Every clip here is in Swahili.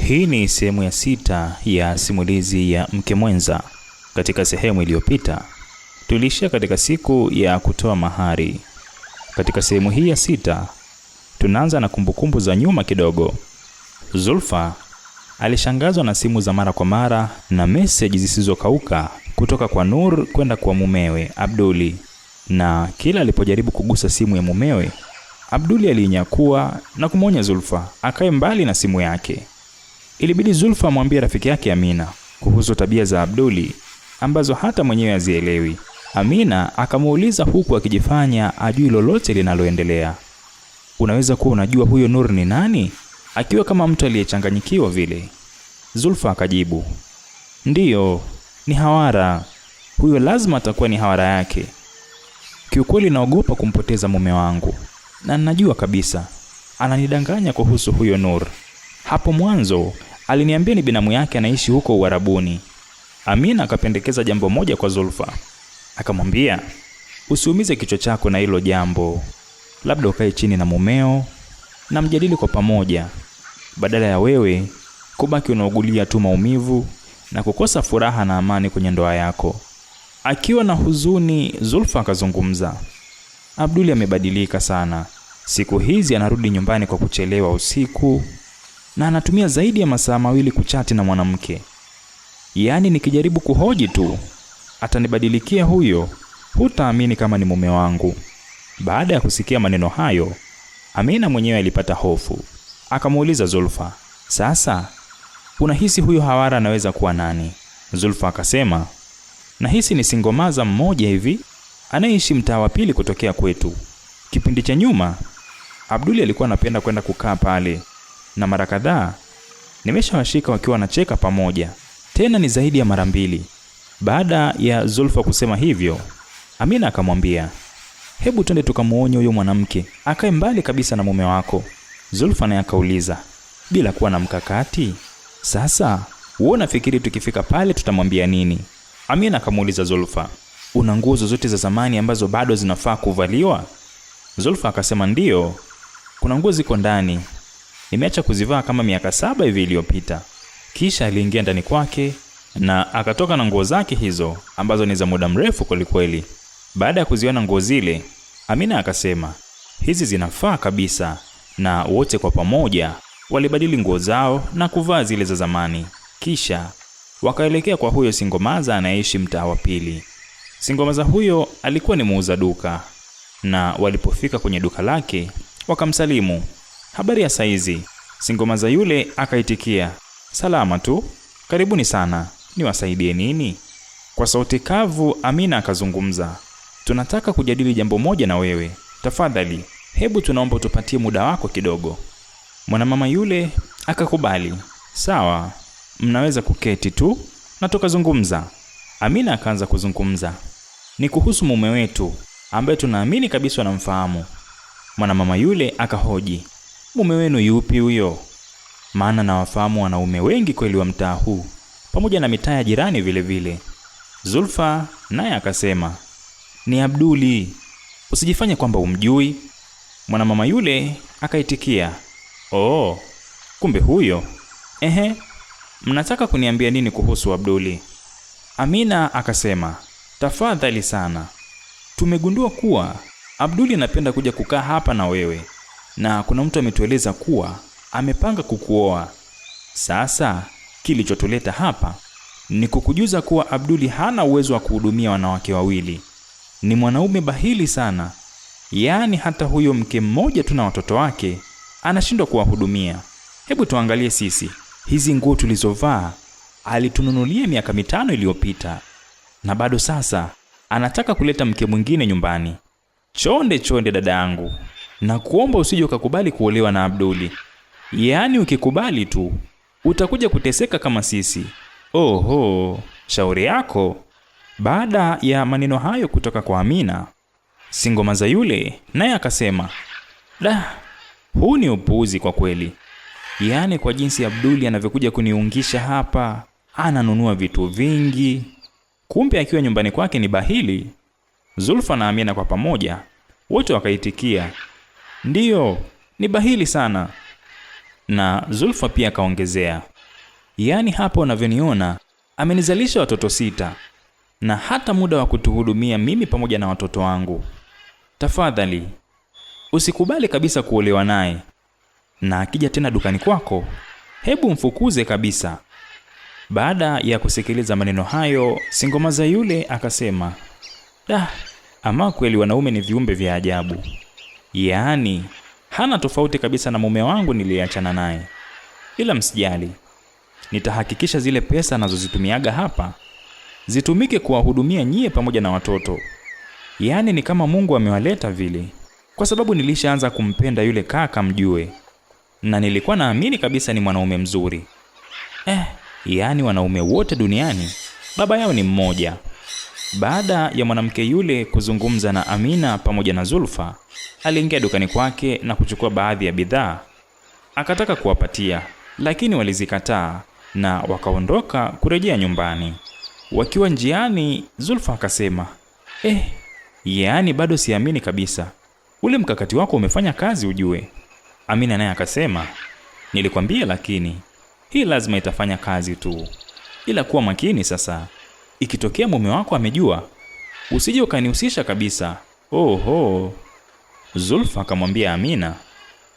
Hii ni sehemu ya sita ya simulizi ya Mke Mwenza. Katika sehemu iliyopita tuliishia katika siku ya kutoa mahari. Katika sehemu hii ya sita tunaanza na kumbukumbu za nyuma kidogo. Zulfa alishangazwa na simu za mara kwa mara na meseji zisizokauka kutoka kwa Nur kwenda kwa mumewe Abduli, na kila alipojaribu kugusa simu ya mumewe Abduli aliinyakua na kumwonya Zulfa akae mbali na simu yake. Ilibidi Zulfa amwambie rafiki yake Amina kuhusu tabia za Abduli ambazo hata mwenyewe hazielewi. Amina akamuuliza huku akijifanya ajui lolote linaloendelea. Unaweza kuwa unajua huyo Nur ni nani? Akiwa kama mtu aliyechanganyikiwa vile. Zulfa akajibu, ndiyo, ni hawara huyo, lazima atakuwa ni hawara yake. Kiukweli naogopa kumpoteza mume wangu, na najua kabisa ananidanganya kuhusu huyo Nur. Hapo mwanzo Aliniambia ni binamu yake anaishi huko Uarabuni. Amina akapendekeza jambo moja kwa Zulfa, akamwambia usiumize kichwa chako na hilo jambo, labda ukae chini na mumeo na mjadili kwa pamoja, badala ya wewe kubaki unaugulia tu maumivu na kukosa furaha na amani kwenye ndoa yako. Akiwa na huzuni, Zulfa akazungumza, Abduli amebadilika sana siku hizi, anarudi nyumbani kwa kuchelewa usiku na anatumia zaidi ya masaa mawili kuchati na mwanamke. Yaani nikijaribu kuhoji tu atanibadilikia huyo, hutaamini kama ni mume wangu. Baada ya kusikia maneno hayo, Amina mwenyewe alipata hofu, akamuuliza Zulfa, sasa unahisi huyo hawara anaweza kuwa nani? Zulfa akasema, nahisi ni singomaza mmoja hivi anayeishi mtaa wa pili kutokea kwetu. Kipindi cha nyuma Abduli alikuwa anapenda kwenda kukaa pale na mara kadhaa nimeshawashika wakiwa wanacheka pamoja, tena ni zaidi ya mara mbili. Baada ya Zulfa kusema hivyo, Amina akamwambia, hebu twende tukamuonye huyo mwanamke akae mbali kabisa na mume wako. Zulfa naye akauliza, bila kuwa na mkakati, sasa wewe unafikiri tukifika pale tutamwambia nini? Amina akamuuliza Zulfa, una nguo zozote za zamani ambazo bado zinafaa kuvaliwa? Zulfa akasema ndiyo, kuna nguo ziko ndani, Nimeacha kuzivaa kama miaka saba hivi iliyopita. Kisha aliingia ndani kwake na akatoka na nguo zake hizo ambazo ni za muda mrefu kwelikweli. Baada ya kuziona nguo zile, Amina akasema hizi zinafaa kabisa, na wote kwa pamoja walibadili nguo zao na kuvaa zile za zamani, kisha wakaelekea kwa huyo singomaza anayeishi mtaa wa pili. Singomaza huyo alikuwa ni muuza duka, na walipofika kwenye duka lake wakamsalimu habari ya saizi? Singoma za yule akaitikia, salama tu, karibuni sana, niwasaidie nini? Kwa sauti kavu Amina akazungumza, tunataka kujadili jambo moja na wewe, tafadhali, hebu tunaomba utupatie muda wako kidogo. Mwanamama yule akakubali, sawa, mnaweza kuketi tu na tukazungumza. Amina akaanza kuzungumza, ni kuhusu mume wetu ambaye tunaamini kabisa wanamfahamu Mwanamama yule akahoji, mume wenu yupi huyo? Maana nawafahamu wanaume wengi kweli wa mtaa huu pamoja na mitaa ya jirani vile vile. Zulfa naye akasema, ni Abduli, usijifanye kwamba umjui. Mwanamama yule akaitikia, oh, kumbe huyo. Ehe, mnataka kuniambia nini kuhusu Abduli? Amina akasema, tafadhali sana, tumegundua kuwa Abduli anapenda kuja kukaa hapa na wewe na kuna mtu ametueleza kuwa amepanga kukuoa. Sasa kilichotuleta hapa ni kukujuza kuwa Abduli hana uwezo wa kuhudumia wanawake wawili. Ni mwanaume bahili sana, yaani hata huyo mke mmoja tu na watoto wake anashindwa kuwahudumia. Hebu tuangalie sisi, hizi nguo tulizovaa alitununulia miaka mitano iliyopita, na bado sasa anataka kuleta mke mwingine nyumbani. Chonde chonde, dada yangu na kuomba usije ukakubali kuolewa na Abduli, yaani ukikubali tu utakuja kuteseka kama sisi. Oho, shauri yako. Baada ya maneno hayo kutoka kwa Amina, singoma za yule naye akasema, da, huu ni upuuzi kwa kweli. Yaani kwa jinsi Abduli anavyokuja kuniungisha hapa, ananunua vitu vingi, kumbe akiwa nyumbani kwake ni bahili. Zulfa na Amina kwa pamoja wote wakaitikia Ndiyo, ni bahili sana. Na Zulfa pia akaongezea, yaani hapa unavyoniona amenizalisha watoto sita na hata muda wa kutuhudumia mimi pamoja na watoto wangu. Tafadhali usikubali kabisa kuolewa naye, na akija tena dukani kwako, hebu mfukuze kabisa. Baada ya kusikiliza maneno hayo, Singomaza yule akasema, dah, ama kweli wanaume ni viumbe vya ajabu yaani hana tofauti kabisa na mume wangu niliyeachana naye, ila msijali, nitahakikisha zile pesa anazozitumiaga hapa zitumike kuwahudumia nyie pamoja na watoto. Yaani ni kama Mungu amewaleta vile, kwa sababu nilishaanza kumpenda yule kaka mjue, na nilikuwa naamini kabisa ni mwanaume mzuri eh. Yaani wanaume wote duniani baba yao ni mmoja. Baada ya mwanamke yule kuzungumza na Amina pamoja na Zulfa, aliingia dukani kwake na kuchukua baadhi ya bidhaa akataka kuwapatia, lakini walizikataa na wakaondoka kurejea nyumbani. Wakiwa njiani, Zulfa akasema eh, yaani bado siamini kabisa, ule mkakati wako umefanya kazi ujue. Amina naye akasema nilikwambia, lakini hii lazima itafanya kazi tu, ila kuwa makini sasa. Ikitokea mume wako amejua, usije ukanihusisha kabisa. Oho. Zulfa akamwambia Amina,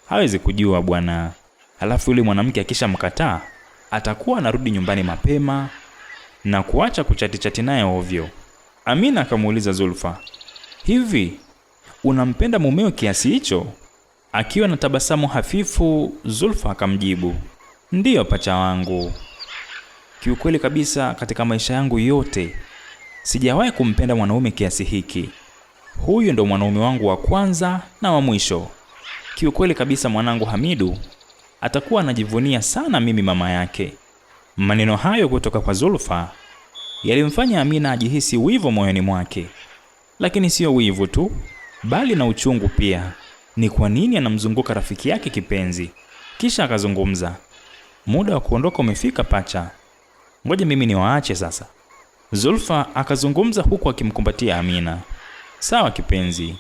hawezi kujua bwana. Halafu yule mwanamke akishamkataa atakuwa anarudi nyumbani mapema na kuacha kuchatichati naye ovyo. Amina akamuuliza Zulfa, hivi unampenda mumeo kiasi hicho? Akiwa na tabasamu hafifu, Zulfa akamjibu, ndiyo pacha wangu, kiukweli kabisa, katika maisha yangu yote sijawahi kumpenda mwanaume kiasi hiki. Huyu ndo mwanaume wangu wa kwanza na wa mwisho. Kiukweli kabisa, mwanangu Hamidu atakuwa anajivunia sana mimi mama yake. Maneno hayo kutoka kwa Zulfa yalimfanya Amina ajihisi wivu moyoni mwake, lakini siyo wivu tu, bali na uchungu pia. Ni kwa nini anamzunguka rafiki yake kipenzi? Kisha akazungumza, muda wa kuondoka umefika pacha, ngoja mimi niwaache sasa. Zulfa akazungumza huku akimkumbatia Amina. Sawa kipenzi,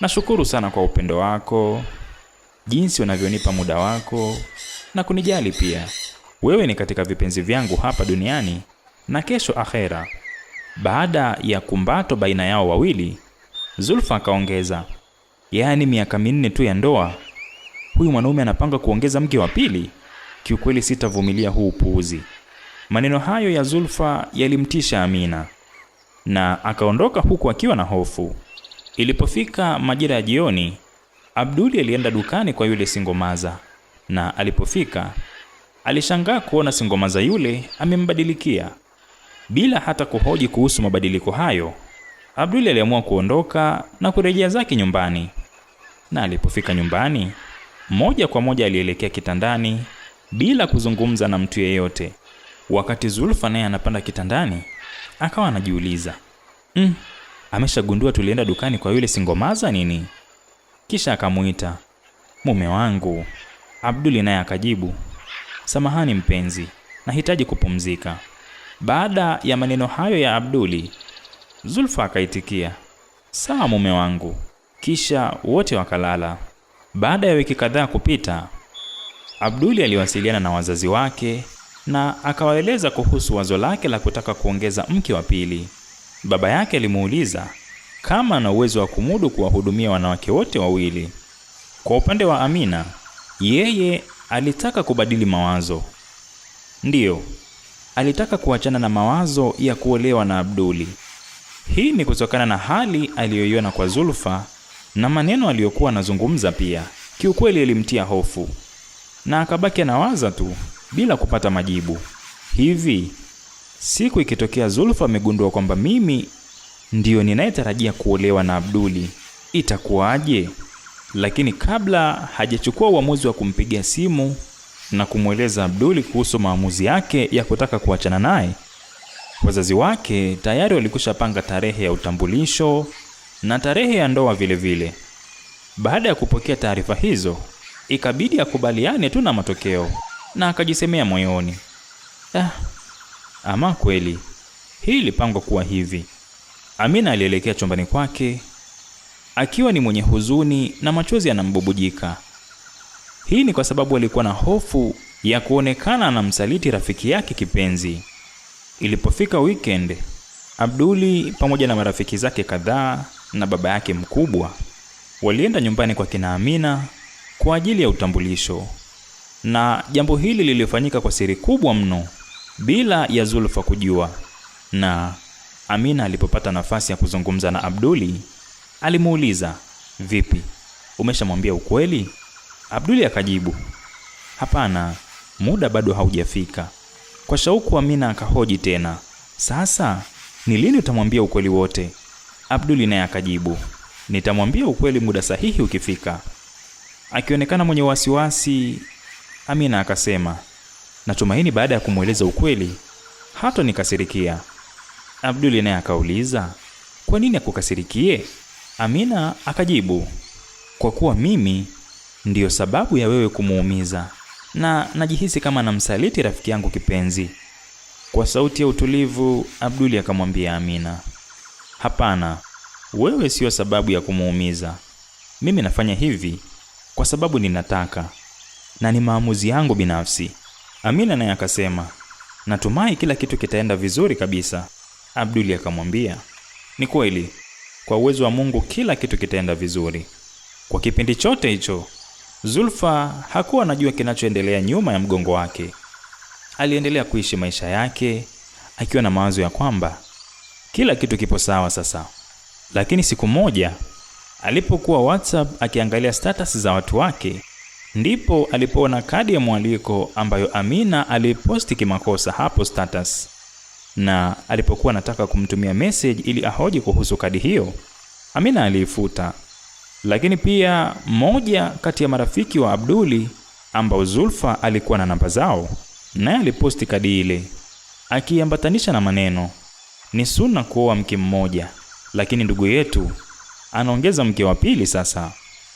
nashukuru sana kwa upendo wako, jinsi unavyonipa muda wako na kunijali pia. Wewe ni katika vipenzi vyangu hapa duniani na kesho akhera. Baada ya kumbato baina yao wawili, Zulfa akaongeza, yaani miaka minne tu ya ndoa, huyu mwanaume anapanga kuongeza mke wa pili? Kiukweli sitavumilia huu upuuzi. Maneno hayo ya Zulfa yalimtisha Amina na akaondoka huku akiwa na hofu. Ilipofika majira ya jioni, Abduli alienda dukani kwa yule singomaza, na alipofika alishangaa kuona singomaza yule amembadilikia. Bila hata kuhoji kuhusu mabadiliko hayo, Abduli aliamua kuondoka na kurejea zake nyumbani. Na alipofika nyumbani, moja kwa moja alielekea kitandani bila kuzungumza na mtu yeyote. Wakati Zulfa naye anapanda kitandani akawa anajiuliza mm, ameshagundua tulienda dukani kwa yule singomaza nini? Kisha akamuita mume wangu. Abduli naye akajibu, samahani mpenzi, nahitaji kupumzika. Baada ya maneno hayo ya Abduli, Zulfa akaitikia, sawa mume wangu. Kisha wote wakalala. Baada ya wiki kadhaa kupita, Abduli aliwasiliana na wazazi wake na akawaeleza kuhusu wazo lake la kutaka kuongeza mke wa pili. Baba yake alimuuliza kama ana uwezo wa kumudu kuwahudumia wanawake wote wawili. Kwa upande wa Amina, yeye alitaka kubadili mawazo. Ndiyo, alitaka kuachana na mawazo ya kuolewa na Abduli. Hii ni kutokana na hali aliyoiona kwa Zulfa na maneno aliyokuwa anazungumza. Pia kiukweli ilimtia hofu na akabaki anawaza tu bila kupata majibu. Hivi siku ikitokea Zulfa amegundua kwamba mimi ndiyo ninayetarajia kuolewa na Abduli itakuwaje? Lakini kabla hajachukua uamuzi wa kumpigia simu na kumweleza Abduli kuhusu maamuzi yake ya kutaka kuachana naye, wazazi wake tayari walikushapanga tarehe ya utambulisho na tarehe ya ndoa vilevile vile. Baada ya kupokea taarifa hizo, ikabidi akubaliane tu na matokeo na akajisemea moyoni, ah, ama kweli hii ilipangwa kuwa hivi. Amina alielekea chumbani kwake akiwa ni mwenye huzuni na machozi yanambubujika. Hii ni kwa sababu alikuwa na hofu ya kuonekana anamsaliti rafiki yake kipenzi. Ilipofika weekend, Abduli pamoja na marafiki zake kadhaa na baba yake mkubwa walienda nyumbani kwa kina Amina kwa ajili ya utambulisho na jambo hili lilifanyika kwa siri kubwa mno bila ya Zulfa kujua. Na Amina alipopata nafasi ya kuzungumza na Abduli, alimuuliza vipi, umeshamwambia ukweli? Abduli akajibu hapana, muda bado haujafika. Kwa shauku, Amina akahoji tena, sasa ni lini utamwambia ukweli wote? Abduli naye akajibu, nitamwambia ukweli muda sahihi ukifika, akionekana mwenye wasiwasi Amina akasema, natumaini baada ya kumweleza ukweli hata nikasirikia. Abduli naye akauliza, kwa nini akukasirikie? Amina akajibu, kwa kuwa mimi ndiyo sababu ya wewe kumuumiza na najihisi kama namsaliti rafiki yangu kipenzi. Kwa sauti ya utulivu, Abduli akamwambia Amina, hapana, wewe siyo sababu ya kumuumiza. Mimi nafanya hivi kwa sababu ninataka na ni maamuzi yangu binafsi. Amina naye akasema, natumai kila kitu kitaenda vizuri kabisa. Abduli akamwambia, ni kweli, kwa uwezo wa Mungu kila kitu kitaenda vizuri. Kwa kipindi chote hicho Zulfa hakuwa anajua kinachoendelea nyuma ya mgongo wake. Aliendelea kuishi maisha yake akiwa na mawazo ya kwamba kila kitu kipo sawa sasa. Lakini siku moja alipokuwa WhatsApp akiangalia status za watu wake, Ndipo alipoona kadi ya mwaliko ambayo Amina aliposti kimakosa hapo status, na alipokuwa anataka kumtumia message ili ahoji kuhusu kadi hiyo, Amina aliifuta. Lakini pia moja kati ya marafiki wa Abduli ambao Zulfa alikuwa na namba zao, naye aliposti kadi ile akiambatanisha na maneno, ni sunna kuoa mke mmoja, lakini ndugu yetu anaongeza mke wa pili sasa.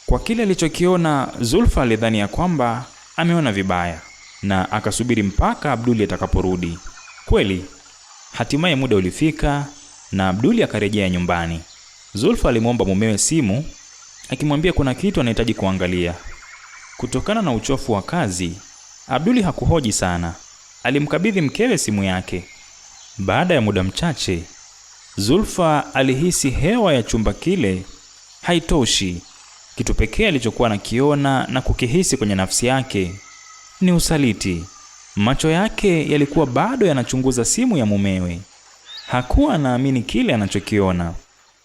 Kwa kile alichokiona, Zulfa alidhani ya kwamba ameona vibaya na akasubiri mpaka Abduli atakaporudi. Kweli, hatimaye muda ulifika na Abduli akarejea nyumbani. Zulfa alimwomba mumewe simu akimwambia kuna kitu anahitaji kuangalia. Kutokana na uchofu wa kazi, Abduli hakuhoji sana, alimkabidhi mkewe simu yake. Baada ya muda mchache, Zulfa alihisi hewa ya chumba kile haitoshi kitu pekee alichokuwa anakiona na kukihisi kwenye nafsi yake ni usaliti. Macho yake yalikuwa bado yanachunguza simu ya mumewe. Hakuwa anaamini kile anachokiona.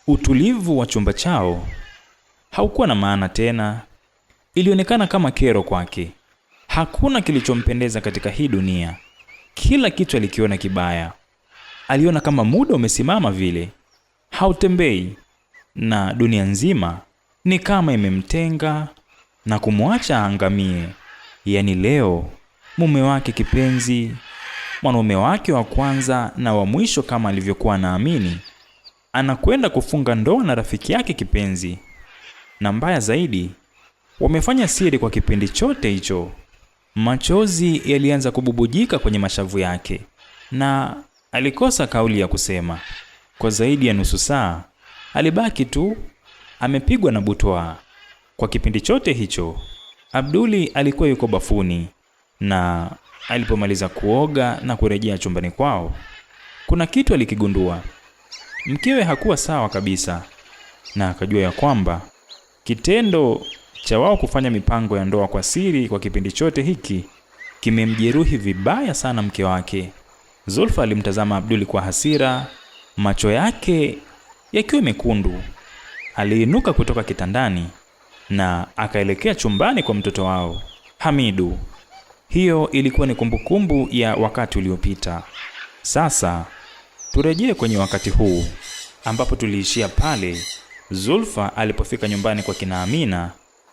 Utulivu wa chumba chao haukuwa na maana tena, ilionekana kama kero kwake. Hakuna kilichompendeza katika hii dunia, kila kitu alikiona kibaya. Aliona kama muda umesimama vile, hautembei, na dunia nzima ni kama imemtenga na kumwacha aangamie. Yaani leo mume wake kipenzi, mwanaume wake wa kwanza na wa mwisho kama alivyokuwa anaamini, anakwenda kufunga ndoa na rafiki yake kipenzi, na mbaya zaidi wamefanya siri kwa kipindi chote hicho. Machozi yalianza kububujika kwenye mashavu yake na alikosa kauli ya kusema. Kwa zaidi ya nusu saa alibaki tu amepigwa na butwaa. Kwa kipindi chote hicho Abduli alikuwa yuko bafuni, na alipomaliza kuoga na kurejea chumbani kwao, kuna kitu alikigundua. Mkewe hakuwa sawa kabisa, na akajua ya kwamba kitendo cha wao kufanya mipango ya ndoa kwa siri kwa kipindi chote hiki kimemjeruhi vibaya sana mke wake. Zulfa alimtazama Abduli kwa hasira, macho yake yakiwa mekundu aliinuka kutoka kitandani na akaelekea chumbani kwa mtoto wao Hamidu. Hiyo ilikuwa ni kumbukumbu ya wakati uliopita. Sasa turejee kwenye wakati huu ambapo tuliishia pale Zulfa alipofika nyumbani kwa kina Amina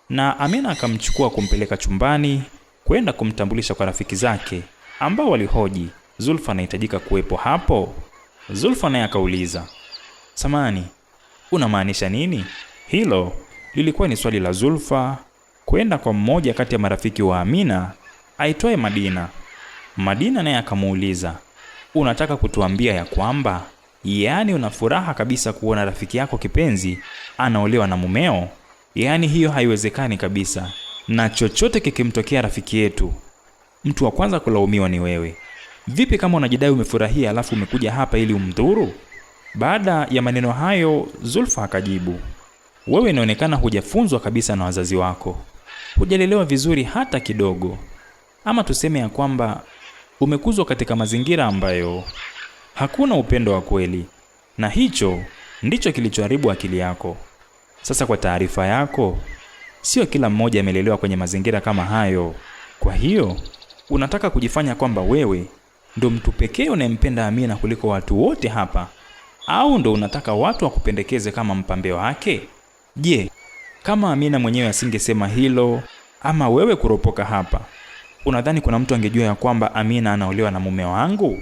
na Amina akamchukua kumpeleka chumbani kwenda kumtambulisha kwa rafiki zake ambao walihoji Zulfa anahitajika kuwepo hapo. Zulfa naye akauliza, samani, unamaanisha nini? Hilo lilikuwa ni swali la Zulfa kwenda kwa mmoja kati ya marafiki wa Amina aitwaye Madina. Madina naye akamuuliza, unataka kutuambia ya kwamba yaani una furaha kabisa kuona rafiki yako kipenzi anaolewa na mumeo? Yaani hiyo haiwezekani kabisa, na chochote kikimtokea rafiki yetu, mtu wa kwanza kulaumiwa ni wewe. Vipi kama unajidai umefurahia alafu umekuja hapa ili umdhuru? Baada ya maneno hayo, Zulfa akajibu, wewe inaonekana hujafunzwa kabisa na wazazi wako, hujalelewa vizuri hata kidogo, ama tuseme ya kwamba umekuzwa katika mazingira ambayo hakuna upendo wa kweli, na hicho ndicho kilichoharibu akili yako. Sasa kwa taarifa yako, sio kila mmoja amelelewa kwenye mazingira kama hayo. Kwa hiyo unataka kujifanya kwamba wewe ndo mtu pekee unayempenda Amina kuliko watu wote hapa, au ndo unataka watu wakupendekeze kama mpambe wake? Je, kama Amina mwenyewe asingesema hilo ama wewe kuropoka hapa, unadhani kuna mtu angejua ya kwamba Amina anaolewa na mume wangu?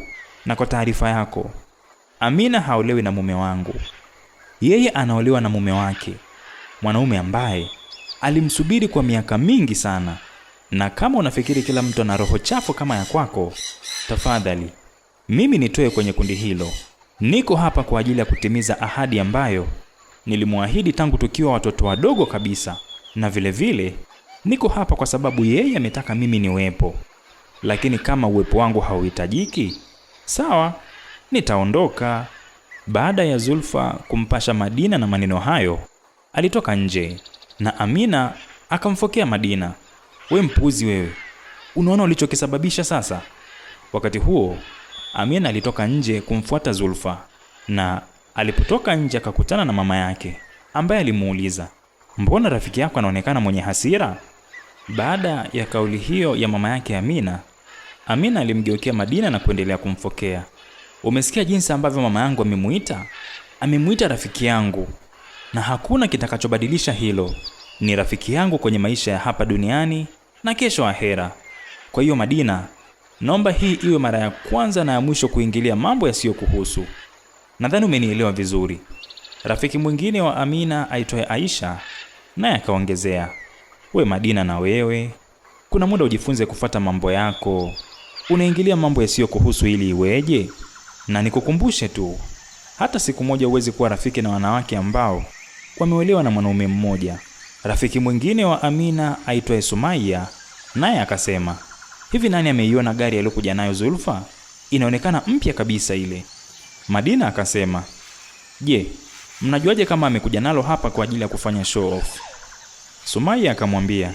Na kwa taarifa yako, Amina haolewi na mume wangu, yeye anaolewa na mume wake, mwanaume ambaye alimsubiri kwa miaka mingi sana. Na kama unafikiri kila mtu ana roho chafu kama ya kwako, tafadhali mimi nitoe kwenye kundi hilo. Niko hapa kwa ajili ya kutimiza ahadi ambayo nilimwahidi tangu tukiwa watoto wadogo kabisa, na vilevile vile, niko hapa kwa sababu yeye ametaka mimi niwepo. Lakini kama uwepo wangu hauhitajiki, sawa, nitaondoka. Baada ya Zulfa kumpasha Madina na maneno hayo, alitoka nje na Amina akamfokea Madina, we mpuzi wewe, unaona ulichokisababisha sasa? Wakati huo Amina alitoka nje kumfuata Zulfa na alipotoka nje akakutana na mama yake ambaye alimuuliza, mbona rafiki yako anaonekana mwenye hasira? Baada ya kauli hiyo ya mama yake Amina, Amina alimgeukia Madina na kuendelea kumfokea. Umesikia jinsi ambavyo mama yangu amemuita? Amemuita rafiki yangu, na hakuna kitakachobadilisha hilo. Ni rafiki yangu kwenye maisha ya hapa duniani na kesho ahera. Kwa hiyo Madina, Naomba hii iwe mara ya kwanza na ya mwisho kuingilia mambo yasiyokuhusu. Nadhani umenielewa vizuri. Rafiki mwingine wa Amina aitwaye Aisha naye akaongezea, we Madina, na wewe kuna muda ujifunze kufata mambo yako. Unaingilia mambo yasiyokuhusu ili iweje? Na nikukumbushe tu, hata siku moja huwezi kuwa rafiki na wanawake ambao wameolewa na mwanaume mmoja. Rafiki mwingine wa Amina aitwaye Sumaiya naye akasema Hivi nani ameiona gari aliyokuja nayo Zulfa? Inaonekana mpya kabisa ile. Madina akasema, je, mnajuaje kama amekuja nalo hapa kwa ajili ya kufanya show off? Sumaya akamwambia,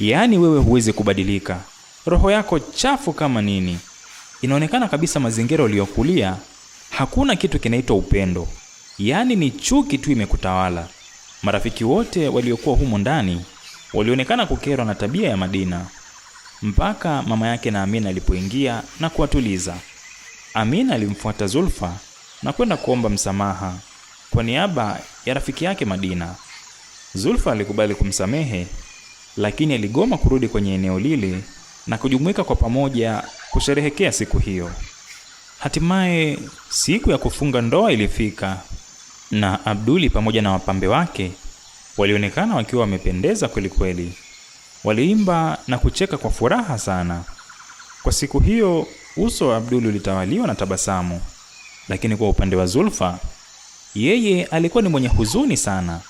yaani wewe huwezi kubadilika, roho yako chafu kama nini. Inaonekana kabisa mazingira uliyokulia hakuna kitu kinaitwa upendo, yaani ni chuki tu imekutawala. Marafiki wote waliokuwa humo ndani walionekana kukerwa na tabia ya Madina mpaka mama yake na Amina alipoingia na kuwatuliza. Amina alimfuata Zulfa na kwenda kuomba msamaha kwa niaba ya rafiki yake Madina. Zulfa alikubali kumsamehe, lakini aligoma kurudi kwenye eneo lile na kujumuika kwa pamoja kusherehekea siku hiyo. Hatimaye siku ya kufunga ndoa ilifika na Abduli pamoja na wapambe wake walionekana wakiwa wamependeza kwelikweli. Waliimba na kucheka kwa furaha sana. Kwa siku hiyo uso wa Abdul ulitawaliwa na tabasamu, lakini kwa upande wa Zulfa, yeye alikuwa ni mwenye huzuni sana.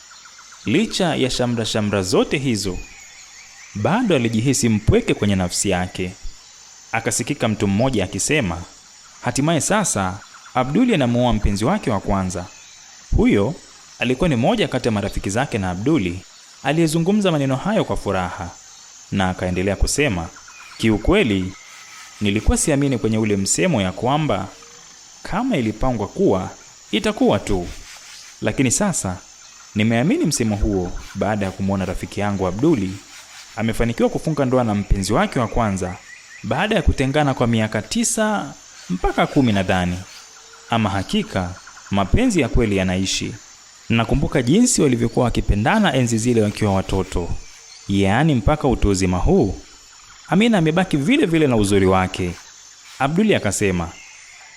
Licha ya shamra shamra zote hizo, bado alijihisi mpweke kwenye nafsi yake. Akasikika mtu mmoja akisema, hatimaye sasa Abduli anamuoa mpenzi wake wa kwanza. Huyo alikuwa ni moja kati ya marafiki zake na Abduli aliyezungumza maneno hayo kwa furaha na akaendelea kusema, kiukweli nilikuwa siamini kwenye ule msemo ya kwamba kama ilipangwa kuwa itakuwa tu, lakini sasa nimeamini msemo huo baada ya kumwona rafiki yangu Abduli amefanikiwa kufunga ndoa na mpenzi wake wa kwanza baada ya kutengana kwa miaka tisa mpaka kumi nadhani. Ama hakika mapenzi ya kweli yanaishi. Nakumbuka jinsi walivyokuwa wakipendana enzi zile wakiwa watoto yaani mpaka utu uzima huu, Amina amebaki vile vile na uzuri wake. Abduli akasema,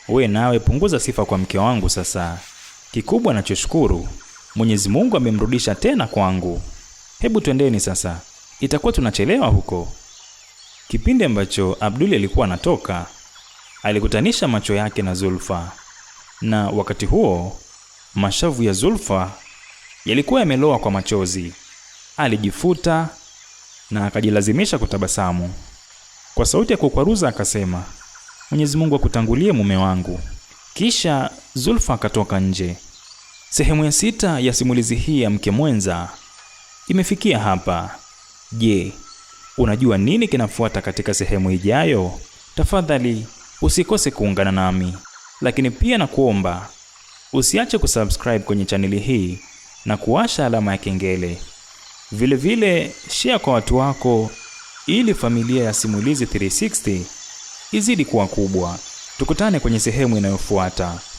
we nawe punguza sifa kwa mke wangu sasa. Kikubwa nachoshukuru Mwenyezi Mungu amemrudisha tena kwangu. Hebu twendeni sasa, itakuwa tunachelewa huko. Kipindi ambacho Abduli alikuwa anatoka, alikutanisha macho yake na Zulfa, na wakati huo mashavu ya Zulfa yalikuwa yameloa kwa machozi. Alijifuta na akajilazimisha kutabasamu. Kwa sauti ya kukwaruza akasema, Mwenyezi Mungu akutangulie mume wangu. Kisha Zulfa akatoka nje. Sehemu ya sita ya simulizi hii ya mke mwenza imefikia hapa. Je, unajua nini kinafuata katika sehemu ijayo? Tafadhali usikose kuungana nami, lakini pia na kuomba usiache kusubscribe kwenye chaneli hii na kuwasha alama ya kengele Vilevile share kwa watu wako ili familia ya Simulizi 360 izidi kuwa kubwa. Tukutane kwenye sehemu inayofuata.